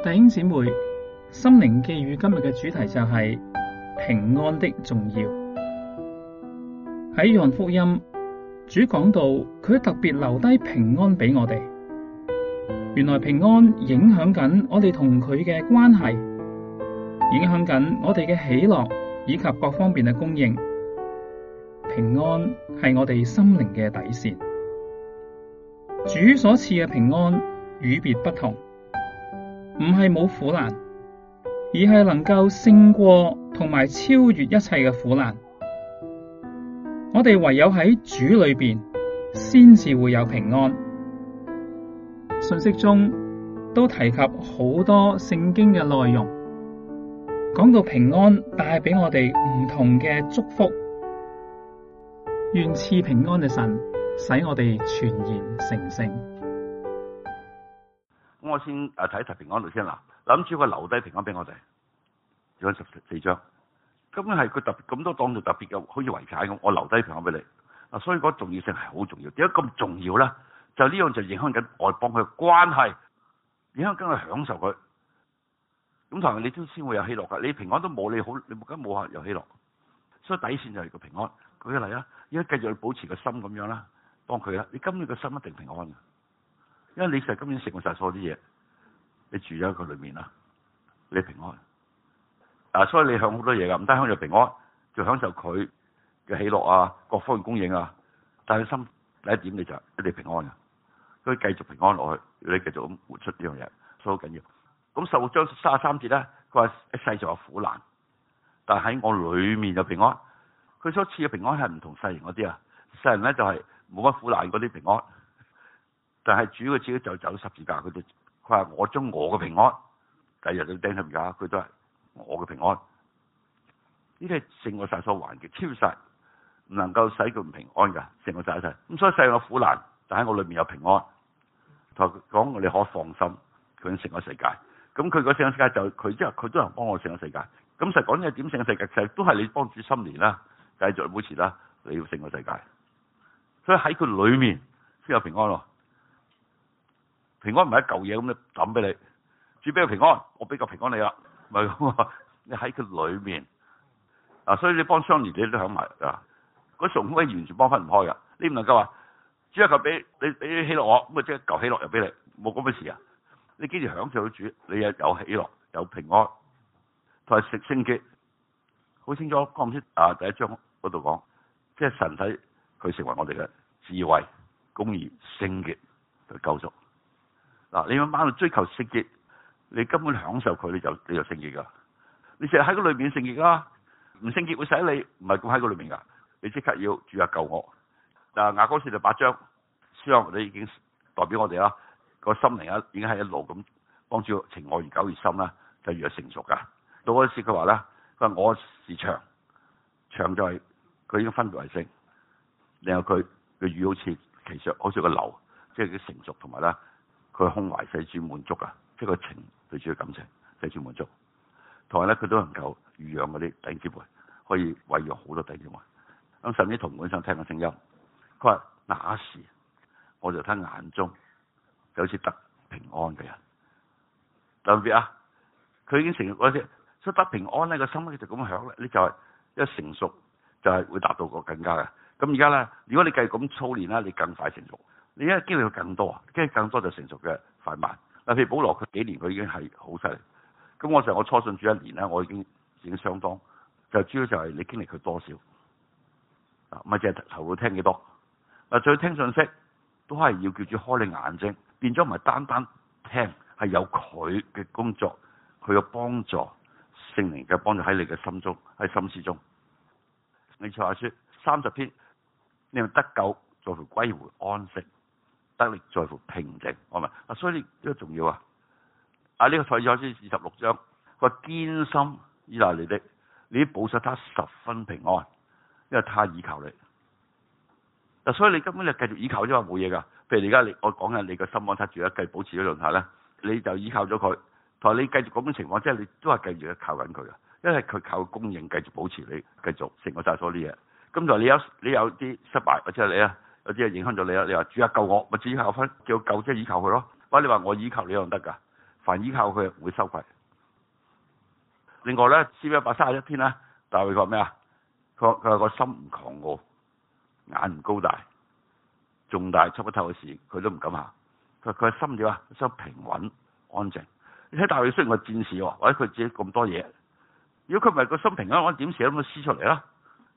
弟兄姊妹，心靈寄語今日嘅主題就係平安的重要。喺約翰福音，主講到佢特別留低平安畀我哋。原來平安影響緊我哋同佢嘅關係，影響緊我哋嘅喜樂以及各方面嘅供應。平安係我哋心靈嘅底線。主所賜嘅平安與別不同。唔係冇苦難，而係能夠勝過同埋超越一切嘅苦難。我哋唯有喺主裏邊，先至會有平安。信息中都提及好多聖經嘅內容，講到平安帶畀我哋唔同嘅祝福。願賜平安嘅神，使我哋全然成聖。我先誒睇一睇平安度先嗱，諗住佢留低平安俾我哋，有十四章，咁係佢特咁都當做特別嘅，好似遺產咁，我留低平安俾你。嗱，所以嗰重要性係好重要。點解咁重要咧？就呢樣就影響緊外邦佢嘅關係，影響緊佢享受佢。咁同時你都先會有喜樂噶，你平安都冇你好，你根本冇客有喜樂。所以底線就係個平安。舉個例啦，依家繼續保持個心咁樣啦，幫佢啦。你今日個心一定平安。因為你就今年食過晒所有啲嘢，你住咗喺佢裏面啦，你平安。啊，所以你享好多嘢噶，唔單享受平安，就享受佢嘅喜樂啊，各方面供應啊。但係心第一點、就是、你就，一定平安啊，佢以繼續平安落去，你繼續咁活出呢樣嘢，所以好緊要。咁十六章三十三節咧，佢話一世就有苦難，但喺我裏面就平安。佢所賜嘅平安係唔同世人嗰啲啊，世人咧就係冇乜苦難嗰啲平安。但係主要自己就走十字架，佢就佢話：我將我嘅平安第日你都頂上架，佢都係我嘅平安。呢啲係勝過世所環境，超曬唔能夠使佢唔平安㗎。勝過神一齊咁，所以世上苦難，但喺我裏面有平安。同講我哋可放心，佢勝過世界。咁佢個勝過世界就佢即係佢都能幫我勝過世界。咁實講嘢點勝過世界，其實都係你幫主心年啦，繼續保持啦，你要勝過世界。所以喺佢裏面先有平安喎。平安唔係一嚿嘢咁嚟，抌俾你，主俾個平安，我俾個平安你啦，係咁啊！你喺佢裏面啊，所以你幫雙兒你都享埋啊！個神可以完全幫分唔開噶，你唔能夠話主一嚿俾你，俾喜樂我，咁啊，即係嚿喜樂又俾你，冇咁嘅事啊！你幾時享受到主，你又有喜樂有平安，同埋食聖潔，好清楚《哥林多》啊第一章嗰度講，即、就、係、是、神體佢成為我哋嘅智慧、公義、聖潔嘅救贖。嗱，你慢慢去追求聖潔，你根本享受佢，你就你就聖潔噶。你成日喺個裏面聖潔啦，唔聖潔會使你，唔係咁喺個裏面噶。你即刻要住下救我！嗱、啊，亞哥士第八章，書上已經代表我哋啦。個心靈啊，已經係一路咁幫助情愛越久越深啦，就越成熟噶。到嗰時佢話咧，佢話我市長長就係佢已經分別為聖，然後佢嘅語好似其實好似個流，即係佢成熟同埋咧。佢胸懷世主滿足啊！即係個情對主要感情世主滿足，同埋咧佢都能夠餵養嗰啲弟子們，可以餵養好多弟子們。咁甚至同本想聽個聲音，佢話：那時我就睇眼中就好似得平安嘅人。特別啊，佢已經成嗰啲，所以得平安呢個心咧就咁響咧。你就係、是、一成熟就係會達到個更加嘅。咁而家咧，如果你繼續咁操練啦，你更快成熟。你而家經歷佢更多啊，經歷更多就成熟嘅快慢。嗱，譬如保羅，佢幾年佢已經係好犀利。咁我成日我初信主一年咧，我已經已經相當就主要就係你經歷佢多少，啊，唔係淨係頭腦聽幾多。嗱，再聽信息都係要叫住開你眼睛，變咗唔係單單聽，係有佢嘅工作，佢嘅幫助，聖靈嘅幫助喺你嘅心中，喺心思中。你才話説三十篇，你係得救，就歸回安息。得力在乎平靜，係咪？啊，所以呢、這個重要啊！啊，呢、這個賽義先二十六章，佢話堅心依賴你的，你的保守他十分平安，因為他依靠你。嗱、啊，所以你根本就繼續依靠，即係冇嘢噶。譬如現在你而家你我講緊你個心安測住咧，繼續保持咗兩下咧，你就依靠咗佢。同埋你繼續嗰種情況，即係你都係繼續靠緊佢啊，因為佢靠他供應，繼續保持你，繼續成個所多啲嘢。咁、啊、就你有你有啲失敗，或者係你啊。嗰啲啊影響咗你啦！你話主啊，救我，咪主依靠翻叫救者依靠佢咯。唔、啊、你話我依靠你又唔得噶。凡依靠佢會羞愧。另外咧，詩一百三十一篇咧，大衛講咩啊？佢佢話個心唔狂傲，眼唔高大，重大出不透嘅事，佢都唔敢行。佢佢個心點啊？想平穩安靜。你睇大衛雖然個戰士，或者佢自己咁多嘢，如果佢唔係個心平安，我點寫咁嘅詩出嚟啦？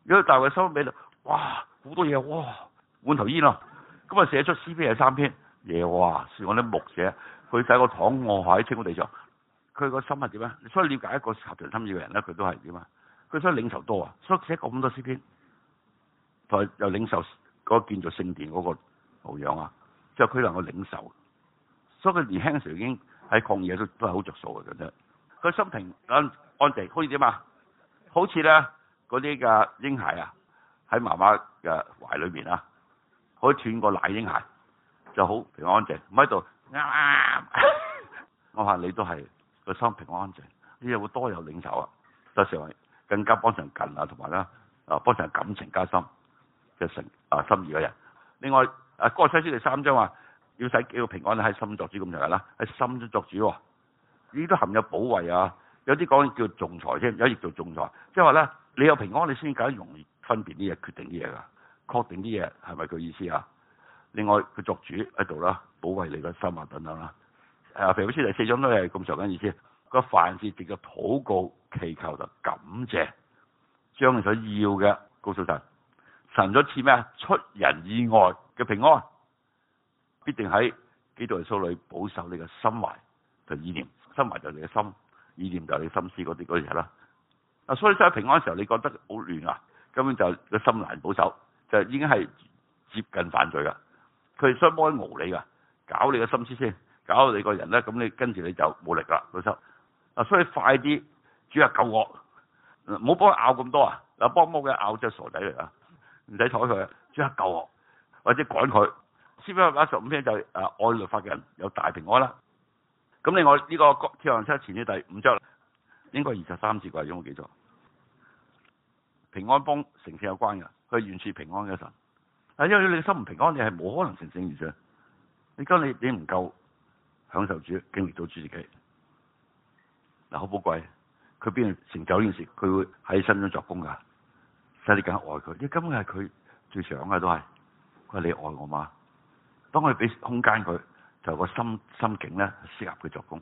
如果大衛收咗尾啦，哇，好多嘢哇！碗頭煙咯、啊，咁啊寫出詩篇係三篇，耶！哇，算我啲木寫。佢喺個躺卧喺青光地上，佢個心係點呀？所以了解一個集團心意嘅人咧，佢都係點啊？佢所以領受多啊，所以寫咁多詩篇，同又領受嗰建造聖殿嗰個模樣啊，即係佢能夠領受。所以佢年輕嘅時候已經喺抗嘢都都係好着數嘅啫。佢心情安安靜，好似點啊？好似咧嗰啲嘅英孩啊，喺媽媽嘅懷裏面啊。可以斷個奶嬰鞋，就好平安，安靜，唔喺度啱啱！我話你都係個心平安，安靜，呢又好多有領袖啊，就成為更加幫上近啊，同埋呢啊幫上感情加深就成啊心意嘅人。另外啊，哥西書第三章話要使個平安喺心作主咁樣嘅啦，喺心作主，呢都含有保衛啊。有啲講叫仲裁添，有譯做仲裁，即係話咧，你有平安，你先揀容易分辨啲嘢，決定啲嘢㗎。確定啲嘢係咪佢意思啊？另外佢作主喺度啦，保衛你嘅心啊，等等啦。誒、啊，腓立比書第四章都係咁常緊意思。個凡事直嘅禱告、祈求就感謝，將你所要嘅告訴神。神咗似咩啊？出人意外嘅平安，必定喺基督耶穌裏保守你嘅心懷同、就是、意念。心懷就係你嘅心，意念就係你心思嗰啲嗰啲啦。啊，所以真係平安嘅時候，你覺得好亂啊，根本就個心難保守。就已經係接近犯罪啦，佢想幫佢熬你㗎，搞你個心思先，搞到你個人咧，咁你跟住你就冇力啦，老實。嗱，所以快啲，主啊救我，唔好幫佢拗咁多啊，嗱幫幫佢拗即傻仔嚟啊，唔使睬佢，主啊救我，或者趕佢。先一百十五篇就係誒愛律法嘅人有大平安啦。咁另外呢、這個《國天行前啲第五章，應該二十三節櫃中我記錯。平安幫成聖有關嘅，佢係完全平安嘅神。啊，因為你心唔平安，你係冇可能成聖而上。你今你你唔夠享受主，經歷到主自己，嗱好寶貴。佢邊人成就呢件事，佢會喺身上作工噶。使你更加愛佢，因為根本係佢最想嘅都係。佢話你愛我嘛，當佢俾空間佢，就個心心境咧適合佢作工。